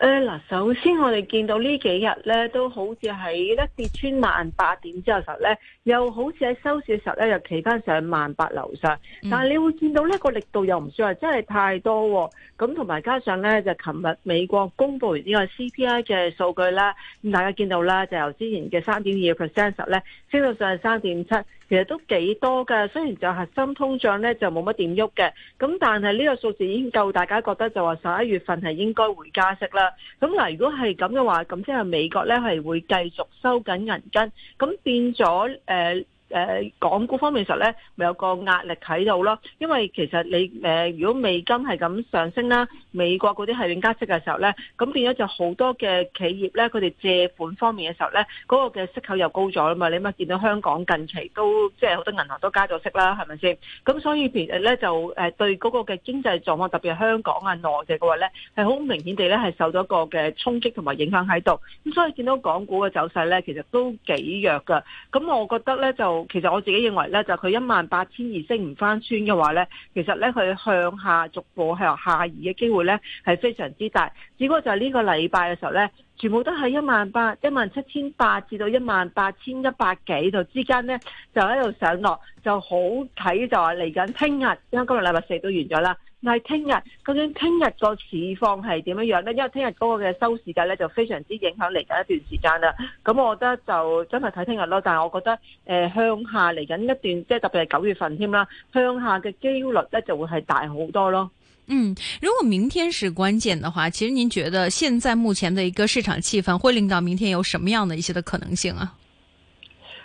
誒嗱，首先我哋見到呢幾日咧，都好似喺一跌穿萬八點之後實咧，又好似喺收市嘅時候咧，又企翻上萬八樓上。但係你會見到呢個力度又唔算話真係太多喎。咁同埋加上咧就琴日美國公布完呢個 CPI 嘅數據啦，咁大家見到啦就由之前嘅三點二嘅 percent 十咧升到上三點七，其實都幾多噶。雖然就核心通脹咧就冇乜點喐嘅，咁但係呢個數字已經夠大家覺得就話十一月份係應該會加息啦。咁嗱，如果係咁嘅話，咁即係美國咧，係會繼續收緊銀根，咁變咗誒。呃誒、呃、港股方面嘅時候咧，咪有個壓力喺度咯。因為其實你誒、呃，如果美金係咁上升啦，美國嗰啲係加息嘅時候咧，咁變咗就好多嘅企業咧，佢哋借款方面嘅時候咧，嗰、那個嘅息口又高咗啊嘛。你咪見到香港近期都即係好多銀行都加咗息啦，係咪先？咁所以其實咧就誒對嗰個嘅經濟狀況，特別係香港啊內地嘅話咧，係好明顯地咧係受咗個嘅衝擊同埋影響喺度。咁所以見到港股嘅走勢咧，其實都幾弱噶。咁我覺得咧就其實我自己認為呢，就佢、是、一萬八千二升唔翻穿嘅話呢，其實呢，佢向下逐步向下移嘅機會呢係非常之大。只不過就喺呢個禮拜嘅時候呢，全部都係一萬八、一萬七千八至到一萬八千一百幾度之間呢，就喺度上落，就好睇就話嚟緊聽日，因為今日禮拜四都完咗啦。但係聽日究竟聽日個市況係點樣樣咧？因為聽日嗰個嘅收市價咧就非常之影響嚟緊一段時間啦。咁我覺得就真係睇聽日咯。但係我覺得誒、呃，向下嚟緊一段，即係特別係九月份添啦，向下嘅幾率咧就會係大好多咯。嗯，如果明天是關鍵的話，其實您覺得現在目前的一個市場氣氛會令到明天有什麼樣的一些的可能性啊？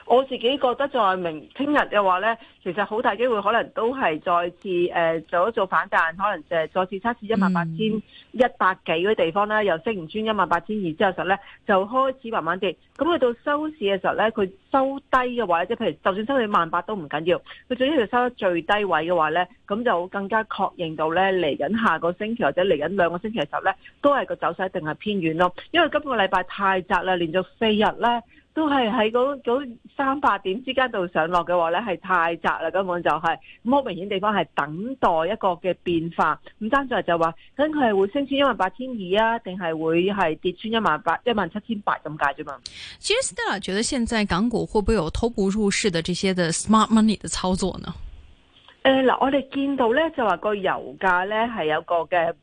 我自己覺得在明聽日嘅話呢，其實好大機會可能都係再次誒、呃、做一做反彈，可能誒再次測試一萬八千一百幾嗰啲地方啦、嗯、又升唔穿一萬八千二之後時候呢就開始慢慢跌。咁去到收市嘅時候呢，佢收低嘅話呢，即係譬如就算收去萬八都唔緊要，佢最終係收得最低位嘅話呢，咁就會更加確認到呢。嚟緊下個星期或者嚟緊兩個星期嘅時候呢，都係個走勢定係偏軟咯。因為今個禮拜太窄啦，連續四日呢。都係喺嗰三百點之間度上落嘅話咧，係太窄啦，根本就係咁好明顯地方係等待一個嘅變化。唔單純就話，咁佢係會升穿一萬八千二啊，定係會係跌穿一萬八一萬七千八咁解啫嘛？其實 Stella 覺得現在港股會唔會有偷步入市嘅這些嘅 smart money 嘅操作呢？誒，嗱，我哋見到咧就話個油價咧係有個嘅。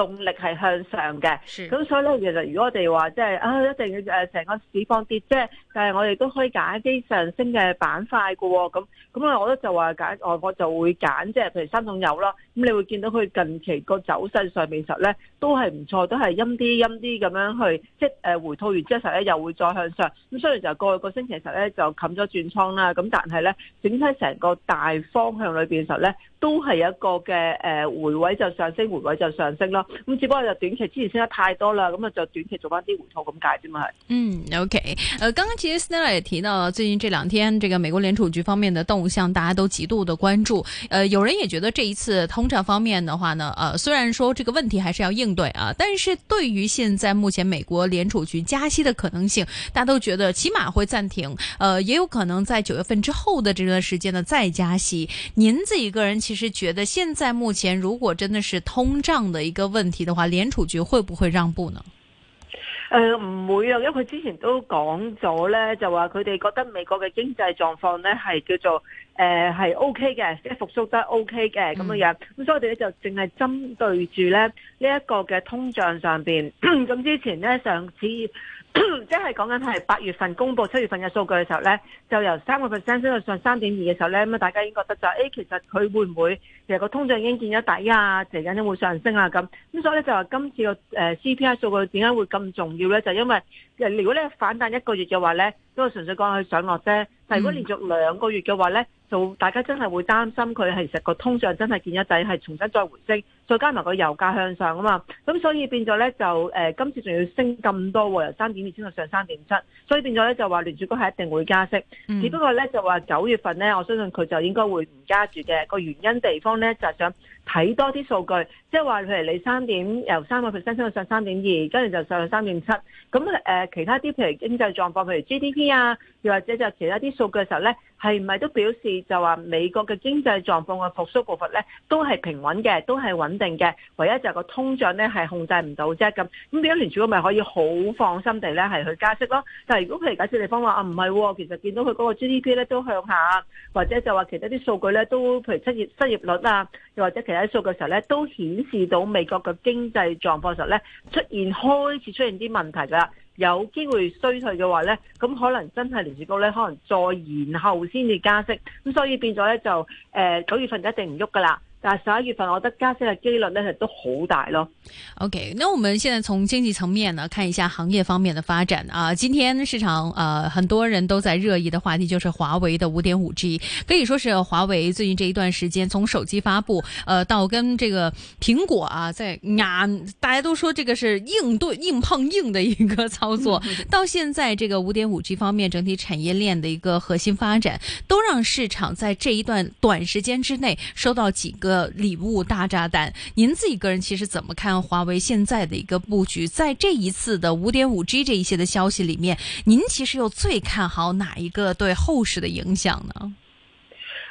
動力係向上嘅，咁所以咧，其實如果我哋話即係啊，一定誒成個市況跌即係，但係我哋都可以揀一啲上升嘅板塊㗎喎，咁咁我覺得就話揀，我就會揀即係譬如三桶油啦，咁你會見到佢近期個走勢上面實咧都係唔錯，都係陰啲陰啲咁樣去，即係誒回吐完之後咧又會再向上，咁雖然就過去個星期實咧就冚咗轉倉啦，咁但係咧整體成個大方向裏邊實咧都係一個嘅回位就上升，回位就上升咯。咁只不過就短期之前升得太多啦，咁啊就短期做翻啲回吐咁解啫嘛。嗯，OK，誒、呃，剛剛其實陳 Sir n 也提到了最近這兩天，這個美國聯儲局方面的動向，大家都極度的關注。誒、呃，有人也覺得這一次通脹方面的話呢，誒、呃、雖然說這個問題還是要應對啊，但是對於現在目前美國聯儲局加息的可能性，大家都覺得起碼會暫停，誒、呃，也有可能在九月份之後的這段時間呢，再加息。您自己個人其實覺得現在目前如果真的是通脹的一個問，問題的話，聯儲局會不會讓步呢？誒、呃，唔會啊，因為佢之前都講咗呢，就話佢哋覺得美國嘅經濟狀況呢係叫做誒係 OK 嘅，即係復甦得 OK 嘅咁嘅樣。咁所以我哋咧就淨係針對住咧呢一、這個嘅通脹上邊。咁 之前呢，上次。即係講緊係八月份公布七月份嘅數據嘅時候呢，就由三個 percent 升到上三點二嘅時候呢。咁啊大家已經覺得就誒，其實佢會唔會其實個通脹已經見咗底啊？嚟緊會上升啊咁，咁所以呢，就話今次個誒 CPI 數據點解會咁重要呢？就因為如果呢反彈一個月嘅話呢，都係純粹講佢上落啫。但如果連續兩個月嘅話呢，就大家真係會擔心佢其實個通脹真係見咗底，係重新再回升。再加埋個油價向上啊嘛，咁所以變咗咧就誒、呃、今次仲要升咁多，由三點二升到上三點七，所以變咗咧就話聯儲局係一定會加息，嗯、只不過咧就話九月份咧我相信佢就應該會唔加住嘅，個原因地方咧就係、是、想睇多啲數據，即係話譬如你三點由三個 percent 升到上三點二，跟住就上三點七，咁、呃、誒其他啲譬如經濟狀況，譬如 GDP 啊，又或者就其他啲數據嘅時候咧，係咪都表示就話美國嘅經濟狀況嘅復甦部分咧都係平穩嘅，都係穩定嘅，唯一就係個通脹咧係控制唔到啫咁，咁點解聯儲局咪可以好放心地咧係去加息咯？但係如果譬如加息地方話啊，唔係喎，其實見到佢嗰個 GDP 咧都向下，或者就話其他啲數據咧都譬如失業失業率啊，又或者其他數據嘅時候咧，都顯示到美國嘅經濟狀況時候咧出現開始出現啲問題噶啦，有機會衰退嘅話咧，咁可能真係聯儲局咧可能再延後先至加息。咁所以變咗咧就誒九月份一定唔喐噶啦。但十一月份，我覺得加息的幾率呢是都好大咯。OK，那我們現在從經濟層面呢，看一下行業方面的發展啊。今天市場，呃、啊，很多人都在熱議的話題，就是華為的五點五 G，可以說是華為最近這一段時間，從手機發布，呃，到跟這個蘋果啊，在啊，大家都說這個是硬對硬碰硬的一個操作。 到現在，這個五點五 G 方面整體產業鏈的一個核心發展，都讓市場在這一段短時間之內收到幾個。嘅禮物大炸彈，您自己個人其實怎麼看華為現在的一個布局？在這一次的五點五 G 這一些的消息裏面，您其實又最看好哪一個對後市的影響呢？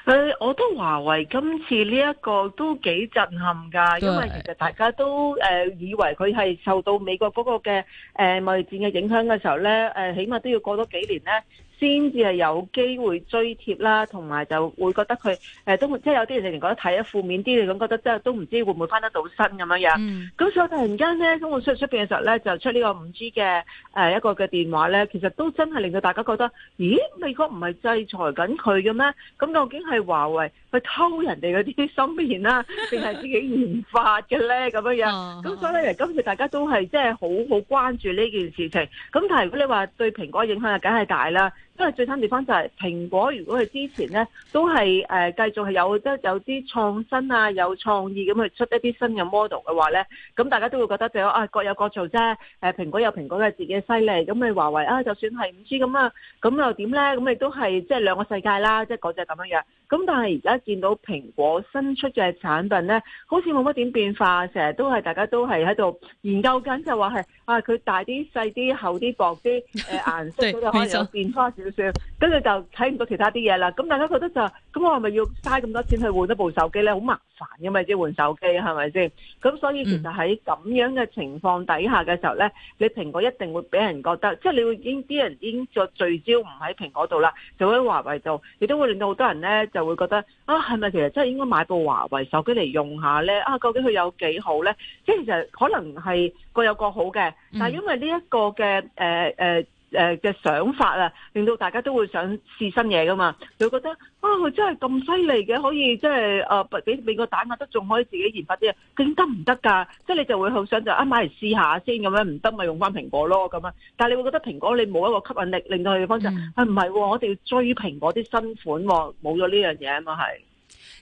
誒、呃，我覺得華為今次呢一個都幾震撼噶，因為其實大家都誒、呃、以為佢係受到美國嗰個嘅誒、呃、貿易戰嘅影響嘅時候咧，誒、呃、起碼都要過多幾年咧。先至係有機會追貼啦，同埋就會覺得佢誒、呃、都即係有啲人覺得睇一負面啲，咁覺得即係都唔知會唔會翻得到身咁樣樣。咁、嗯、所以突然間咧，咁我出出面嘅時候咧，就出呢個五 G 嘅誒一個嘅電話咧，其實都真係令到大家覺得，咦？美國唔係制裁緊佢嘅咩？咁究竟係華為去偷人哋嗰啲芯片啦，定 係自己研發嘅咧？咁樣樣。咁、啊、所以呢、啊，今次大家都係即係好好關注呢件事情。咁但係如果你話對蘋果影響梗係大啦。因為最慘地方就係、是、蘋果，如果佢之前咧都係誒、呃、繼續係有得有啲創新啊，有創意咁去出一啲新嘅 model 嘅話咧，咁大家都會覺得就是、啊各有各做啫。誒、啊、蘋果有蘋果嘅自己嘅犀利，咁你華為啊就算係 5G 咁啊，咁又點咧？咁亦都係即係兩個世界啦，即係嗰隻咁樣樣。咁但係而家見到蘋果新出嘅產品咧，好似冇乜點變化，成日都係大家都係喺度研究緊，就話、是、係啊佢大啲、細啲、厚啲、薄啲，誒、呃、顏色嗰啲 可以變化跟住就睇唔到其他啲嘢啦，咁大家覺得就咁，我係咪要嘥咁多錢去換一部手機咧？好麻煩嘅嘛，即係換手機係咪先？咁所以其實喺咁樣嘅情況底下嘅時候咧，你蘋果一定會俾人覺得，即係你會已經啲人已經再聚焦唔喺蘋果度啦，就喺華為度，亦都會令到好多人咧就會覺得啊，係咪其實真係應該買部華為手機嚟用下咧？啊，究竟佢有幾好咧？即係其實可能係各有各好嘅，但係因為呢一個嘅誒誒誒、呃、嘅想法啊，令到大家都會想試新嘢噶嘛，佢覺得啊，佢真係咁犀利嘅，可以即係誒俾美國打壓得仲可以自己研發啲嘢，究竟得唔得㗎？即係你就會好想就啊買嚟試下先咁樣，唔得咪用翻蘋果咯，咁樣，但係你會覺得蘋果你冇一個吸引力，令到佢哋方向、嗯、啊唔係喎，我哋要追蘋果啲新款喎，啊，冇咗呢樣嘢啊嘛係。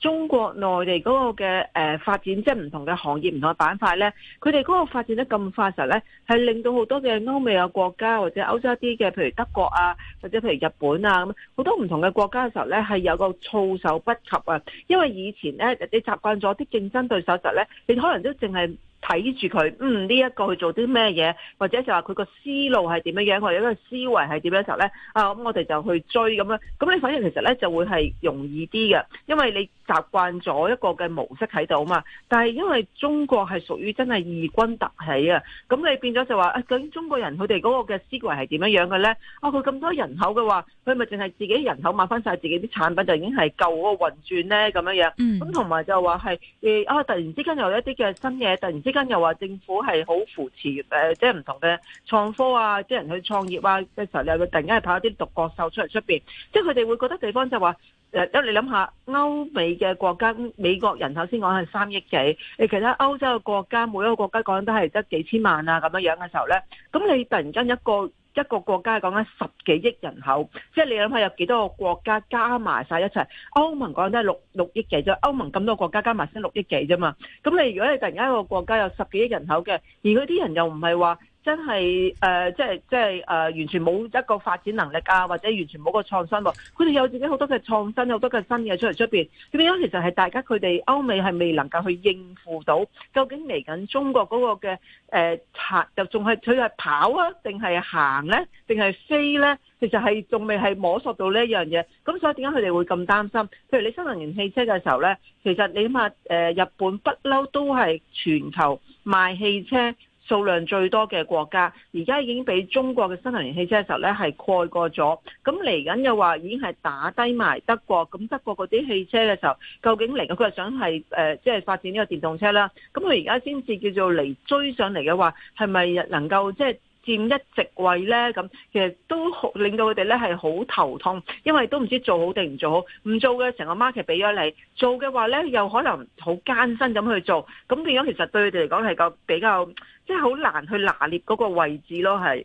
中國內地嗰個嘅誒發展，即係唔同嘅行業、唔同嘅板塊咧，佢哋嗰個發展得咁快嘅時候咧，係令到好多嘅歐美嘅國家，或者歐洲一啲嘅，譬如德國啊，或者譬如日本啊咁，好多唔同嘅國家嘅時候咧，係有個措手不及啊！因為以前咧，你習慣咗啲競爭對手時候咧，你可能都淨係睇住佢，嗯，呢、這、一個去做啲咩嘢，或者就話佢個思路係點樣樣，或者佢嘅思維係點樣時候咧，啊，咁、嗯、我哋就去追咁樣，咁你反而其實咧就會係容易啲嘅，因為你。習慣咗一個嘅模式喺度嘛，但係因為中國係屬於真係異軍突起啊，咁你變咗就話啊，究竟中國人佢哋嗰個嘅思維係點樣樣嘅咧？啊，佢咁多人口嘅話，佢咪淨係自己人口買翻晒自己啲產品就已經係夠嗰個運轉咧？咁樣樣，咁同埋就話係誒啊，突然之間又有一啲嘅新嘢，突然之間又話政府係好扶持誒，即係唔同嘅創科啊，啲人去創業啊，嘅係時候又佢突然間係跑一啲獨角獸出嚟出邊，即係佢哋會覺得地方就話。誒，因為你諗下，歐美嘅國家，美國人口先講係三億幾，你其他歐洲嘅國家，每一個國家講都係得幾千萬啊咁樣樣嘅時候咧，咁你突然間一個一個國家講緊十幾億人口，即係你諗下有幾多個國家加埋晒一齊，歐盟講都係六六億幾啫，歐盟咁多國家加埋先六億幾啫嘛，咁你如果你突然間一個國家有十幾億人口嘅，而嗰啲人又唔係話。真係誒，即係即係誒，完全冇一個發展能力啊，或者完全冇個創新喎。佢哋有自己好多嘅創新，好多嘅新嘢出嚟出邊。點樣其實係大家佢哋歐美係未能夠去應付到，究竟嚟緊中國嗰個嘅誒，就仲係佢係跑啊，定係行咧，定係飛咧？其實係仲未係摸索到呢一樣嘢。咁所以點解佢哋會咁擔心？譬如你新能源汽車嘅時候咧，其實你諗吓，日本不嬲都係全球賣汽車，數量最多嘅國家，而家已經俾中國嘅新能源汽車嘅時候咧，係蓋過咗。咁嚟緊又話已經係打低埋德國，咁德國嗰啲汽車嘅時候，究竟嚟緊佢係想係誒，即係發展呢個電動車啦。咁佢而家先至叫做嚟追上嚟嘅話，係咪能夠即係佔一席位咧。咁其實都令到佢哋咧係好頭痛，因為都唔知做好定唔做好。唔做嘅成個 market 俾咗你，做嘅話咧又可能好艱辛咁去做，咁變咗其實對佢哋嚟講係個比較，即係好難去拿捏嗰個位置咯，係。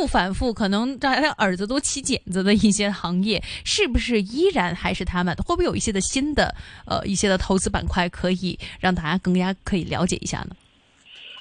不反覆，可能大家耳朵都起繭子的一些行業，是不是依然還是他們？會不會有一些的新的，呃，一些的投資板塊可以讓大家更加可以了解一下呢？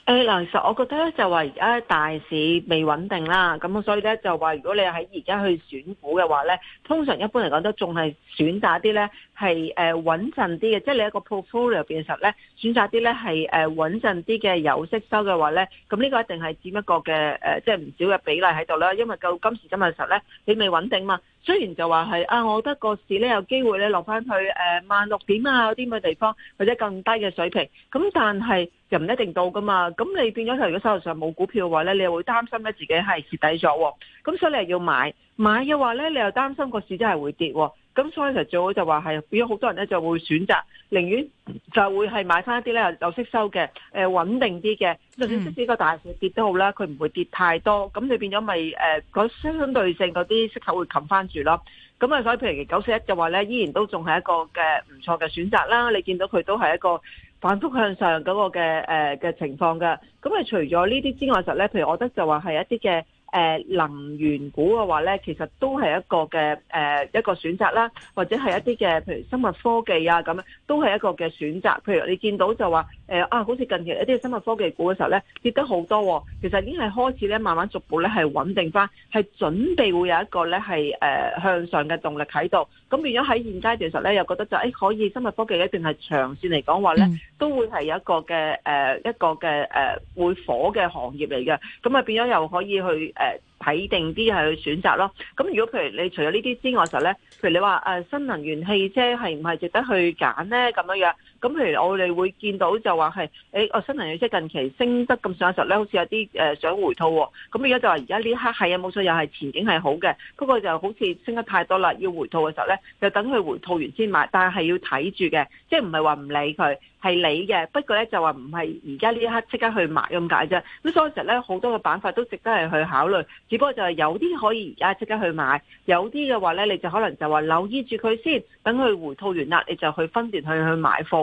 誒，嗱，其實我覺得就話而家大市未穩定啦，咁所以呢，就話如果你喺而家去選股嘅話呢，通常一般嚟講都仲係選擇一啲呢。係誒、呃、穩陣啲嘅，即係你一個 portfolio 入邊嘅時候咧，選擇啲咧，係誒穩陣啲嘅有息收嘅話咧，咁呢個一定係佔一個嘅誒，即係唔少嘅比例喺度啦。因為到今時今日嘅時候咧，你未穩定嘛。雖然就話係啊，我覺得個市咧有機會咧落翻去誒、呃、萬六點啊嗰啲咁嘅地方，或者更低嘅水平，咁但係又唔一定到噶嘛。咁你變咗，如果手頭上冇股票嘅話咧，你又會擔心咧自己係蝕底咗喎。咁所以你又要買買嘅話咧，你又擔心個市真係會跌喎。咁所以最好就話係變咗好多人咧就會選擇寧願就會係買翻一啲咧有息收嘅誒穩定啲嘅，就算即使個大市跌都好啦，佢唔會跌太多。咁你變咗咪誒嗰相對性嗰啲息口會冚翻住咯。咁啊，所以譬如九四一就話咧，依然都仲係一個嘅唔錯嘅選擇啦。你見到佢都係一個反覆向上嗰個嘅誒嘅情況嘅。咁誒除咗呢啲之外，就咧譬如我覺得就話係一啲嘅。誒、呃，能源股嘅話咧，其實都係一個嘅誒、呃、一個選擇啦，或者係一啲嘅，譬如生物科技啊咁，都係一個嘅選擇。譬如你見到就話誒、呃、啊，好似近期一啲生物科技股嘅時候咧，跌得好多、啊，其實已經係開始咧，慢慢逐步咧係穩定翻，係準備會有一個咧係誒向上嘅動力喺度。咁變咗喺現階段時候咧，又覺得就誒、欸、可以生物科技一定係長線嚟講話咧。嗯都會係一個嘅誒一個嘅誒會火嘅行業嚟嘅，咁啊變咗又可以去誒睇定啲係去選擇咯。咁如果譬如你除咗呢啲之外嘅時候咧，譬如你話誒新能源汽車係唔係值得去揀咧？咁樣樣。咁譬如我哋會見到就話係哦新能源車近期升得咁上嘅時候咧，好似有啲、呃、想回吐喎、哦。咁而家就話而家呢一刻係啊，冇錯，又係前景係好嘅。不過就好似升得太多啦，要回吐嘅時候咧，就等佢回吐完先買。但係要睇住嘅，即係唔係話唔理佢，係理嘅。不過咧就話唔係而家呢一刻即刻去買咁解啫。咁所以其實咧好多嘅板塊都值得係去考慮，只不過就係有啲可以而家即刻去買，有啲嘅話咧你就可能就話留意住佢先，等佢回吐完啦，你就去分段去去買貨。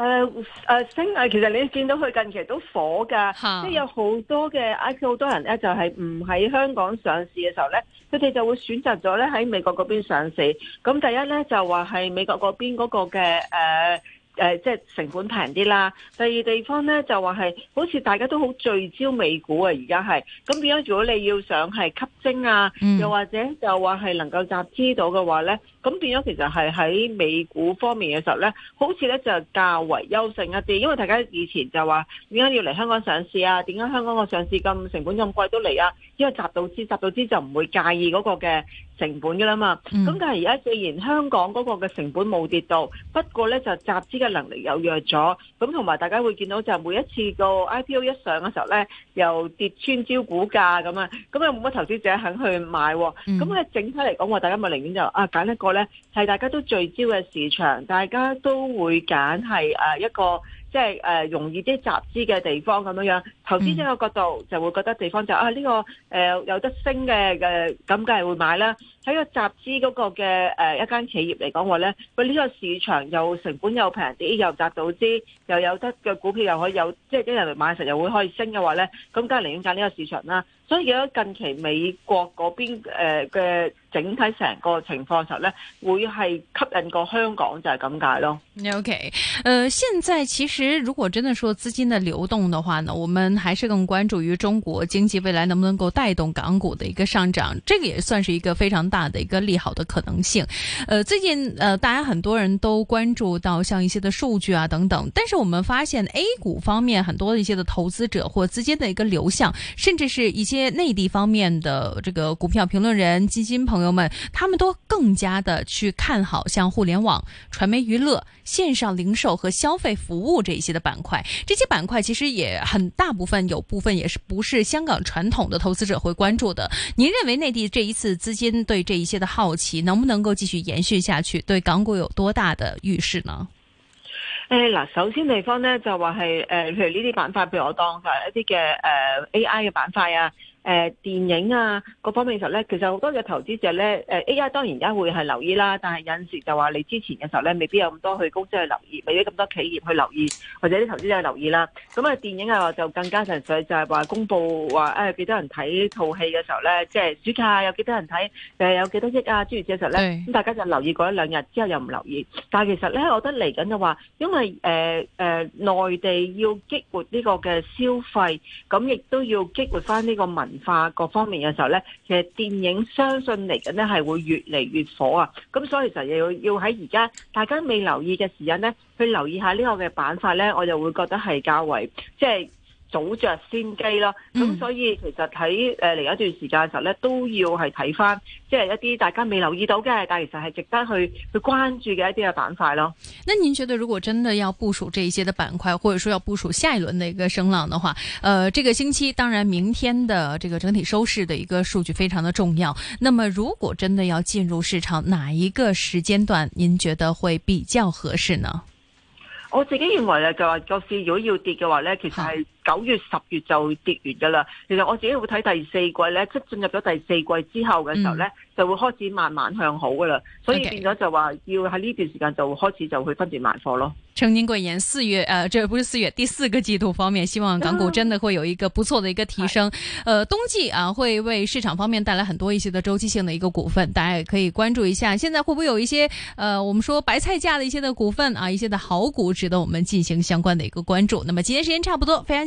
誒誒，星藝其實你見到佢近期都火㗎，huh. 即係有好多嘅 IPO 好多人咧就係唔喺香港上市嘅時候咧，佢哋就會選擇咗咧喺美國嗰邊上市。咁第一咧就話係美國嗰邊嗰個嘅誒。Uh, 誒、呃，即、就、係、是、成本平啲啦。第二地方咧就話係，好似大家都好聚焦美股啊，而家係。咁變咗，如果你要想係吸睛啊、嗯，又或者就話係能夠集資到嘅話咧，咁變咗其實係喺美股方面嘅時候咧，好似咧就較為優勝一啲，因為大家以前就話點解要嚟香港上市啊？點解香港個上市咁成本咁貴都嚟啊？因為集到資，集到資就唔會介意嗰個嘅成本噶啦嘛，咁、嗯、但係而家既然香港嗰個嘅成本冇跌到，不過呢就集資嘅能力又弱有弱咗，咁同埋大家會見到就每一次個 IPO 一上嘅時候呢，又跌穿招股價咁啊，咁又冇乜投資者肯去買、啊，咁、嗯、咧整體嚟講大家咪寧願就啊揀一個呢，係大家都聚焦嘅市場，大家都會揀係誒一個。即、就、係、是、容易啲集資嘅地方咁樣樣，投資者個角度就會覺得地方就是、啊呢、這個誒、呃、有得升嘅嘅咁梗係會買啦。喺個集資嗰個嘅誒、呃、一間企業嚟講話咧，佢、這、呢個市場又成本又平啲，又集到資，又有得嘅股票又可以有即係啲人嚟買，成又會可以升嘅話咧，咁梗係寧願揀呢個市場啦。所以如果近期美國嗰邊誒嘅整體成個情況實咧，會係吸引過香港就係咁解咯。OK，呃，現在其實如果真的說資金的流動的話呢，我們還是更關注於中國經濟未來能不能夠帶動港股的一個上漲，這個也算是一個非常大的一個利好的可能性。呃，最近呃大家很多人都關注到像一些的數據啊等等，但是我們發現 A 股方面很多的一些的投資者或資金的一個流向，甚至是一些。內地方面的這個股票評論人、基金朋友們，他們都更加的去看好像互聯網、傳媒、娛樂、線上零售和消費服務這一些的板塊。這些板塊其實也很大部分，有部分也是不是香港傳統的投資者會關注的。您認為內地這一次資金對這一些的好奇能不能夠繼續延續下去？對港股有多大的預示呢？嗱、呃，首先地方呢，就話係誒，譬、呃、如呢啲板塊，譬如我當一啲嘅誒 AI 嘅板塊啊。誒，電影啊，各方面嘅時候咧，其實好多嘅投資者咧，誒 A I 當然而家會係留意啦，但係有時就話你之前嘅時候咧，未必有咁多去公司去留意，未必咁多企業去留意，或者啲投資者去留意啦。咁、嗯、啊，電影啊就更加純粹，就係話公布話誒、哎、有幾多人睇套戲嘅時候咧，即係暑假有幾多人睇誒有幾多億啊？諸如此類咧，咁大家就留意嗰一兩日之後又唔留意。但係其實咧，我覺得嚟緊嘅話，因為誒誒、呃呃、內地要激活呢個嘅消費，咁亦都要激活翻呢個民。文化各方面嘅時候咧，其實電影相信嚟緊咧係會越嚟越火啊！咁所以就又要要喺而家大家未留意嘅時間咧，去留意一下呢個嘅板塊咧，我就會覺得係較為即係。就是早着先機咯，咁、嗯、所以其實喺誒嚟一段時間嘅時候呢，都要係睇返，即、就、係、是、一啲大家未留意到嘅，但係其實係值得去去關注嘅一啲嘅板塊咯。那您覺得如果真的要部署這些嘅板塊，或者說要部署下一輪嘅一個升浪的話，誒、呃，這個星期當然明天的這個整體收市嘅一個數據非常的重要。那麼如果真的要進入市場，哪一個時間段您覺得會比較合適呢？我自己認為呢，就話個市如果要跌嘅話呢，其實係。九月十月就跌完噶啦，其實我自己會睇第四季呢，即係進入咗第四季之後嘅時候呢、嗯，就會開始慢慢向好噶啦、嗯，所以變咗就話要喺呢段時間就會開始就去分別賣貨咯。曾年過言，四月誒，即、呃、不是四月，第四個季度方面，希望港股真的會有一個不錯的一個提升。啊呃、冬季啊，會為市場方面帶來很多一些的周期性的一個股份，大家也可以關注一下。現在會不會有一些誒、呃，我們說白菜價的一些的股份啊，一些的好股，值得我們進行相關的一個關注。那麼今天時間差不多，非常。